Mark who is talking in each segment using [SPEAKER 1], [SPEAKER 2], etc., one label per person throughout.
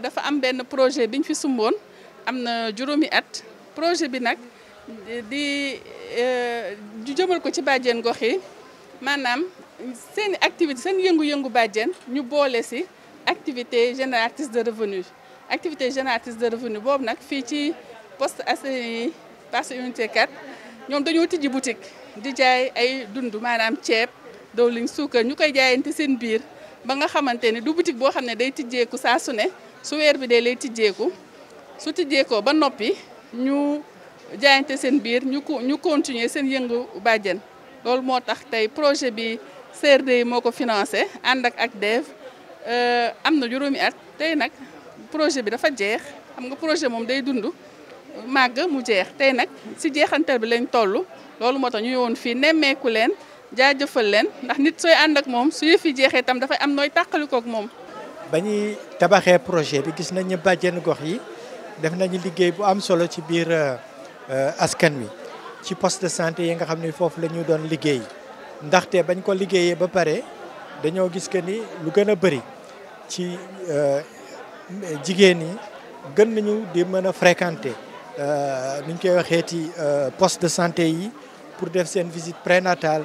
[SPEAKER 1] dafa am benn projet biñ fi sumboon am na juróomi at projet bi nag di ju euh, jëmal ko ci bàjjen gox yi maanaam seen activité seen yëngu-yëngu bàjjen ñu boole si activité génératrice de revenu activité génératrice de revenu boobu nag fii ci poste Assainies Parcelles Unité 4 ñoom dañoo tijji boutique di jaay ay dund maanaam ceeb liñ suukar ñu koy jaayante seen biir ba nga xamante ne du boutique boo xam ne day tijjeeku saa su ne su weer bi dee lay tijjeeku su tijjeekoo ba noppi ñu jaayante seen biir ñu ko ñu continuer seen yëngu bàjjen loolu moo tax tey projet bi CRD yi moo ko financé ànd ak ak dev euh, am na juróomi at tey nag projet bi dafa jeex xam nga projet moom day dund màgg mu jeex tey nag si jeexantal bi lañ toll loolu moo tax ñu woon fii nemmeeku leen jaajëfal leen ndax nit sooy ànd ak moom su yëf jeexee itam dafay am nooy tàqalikook moom.
[SPEAKER 2] ba ñuy tabaxee projet bi gis nañ nañu bàjjen gox yi def nañu liggéey bu am solo ci biir euh, askan wi ci poste de santé yi nga xam ne foofu la ñu doon liggéey ndaxte bañ ko liggéeyee ba pare dañoo gis que ni lu gën a bëri ci euh, jigéen ñi gën nañu di mën a fréquenter euh, nu ñu koy waxee ci poste de santé yi pour def seen visite prénatale.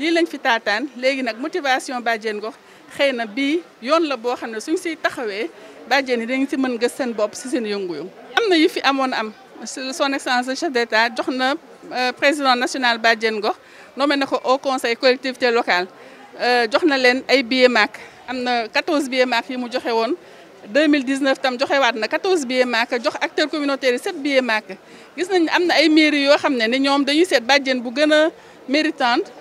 [SPEAKER 1] lii lañ fi taataan léegi nag motivation bàjjen gox xëy na bii yoon la boo xam ne suñ siy taxawee bàjjen yi dañ ci mën gës seen bopp si seen yëngu-yëngu. am na yu fi amoon am son excellence le chef d'état jox na euh, président national bàjjen gox nommé na ko au conseil collectivité locale euh, jox na leen ay billets MAC am na 14 billets MAC yi mu joxe woon. 2019 tam joxewaat na 14 billets MAC jox acteur communautaire yi 7 billets MAC gis nañ am na ay mairie yoo xam ne ni ñoom dañuy seet bàjjen bu gën a méritante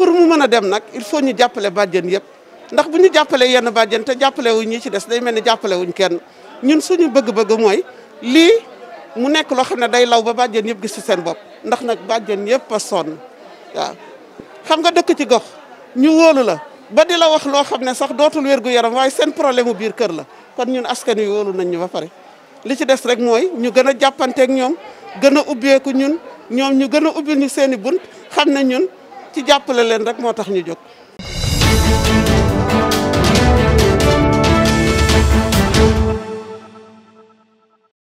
[SPEAKER 3] pour mu mën a dem nag il faut ñu jàppale bàjjen yëpp ndax bu ñu jàppalee yenn bàjjen te jàppale wuñ ñi ci des day mel ni jàppale wuñ kenn ñun suñu bëgg-bëgg mooy lii mu nekk loo xam ne day law ba bàjjen yëpp gis ci seen bopp ndax nag bàjjen yëpp a sonn waaw xam nga dëkk ci gox ñu wóolu la ba di la wax loo xam ne sax dootul wérgu yaram waaye seen problème mu biir kër la kon ñun askan wi wóolu nañ ñu ba pare li ci des rek mooy ñu gën a jàppanteeg ñoom gën a ubbeeku ñun ñoom ñu gën a ubbil ñu seen i bunt xam ñun ci jàppale leen rek moo tax ñu jóg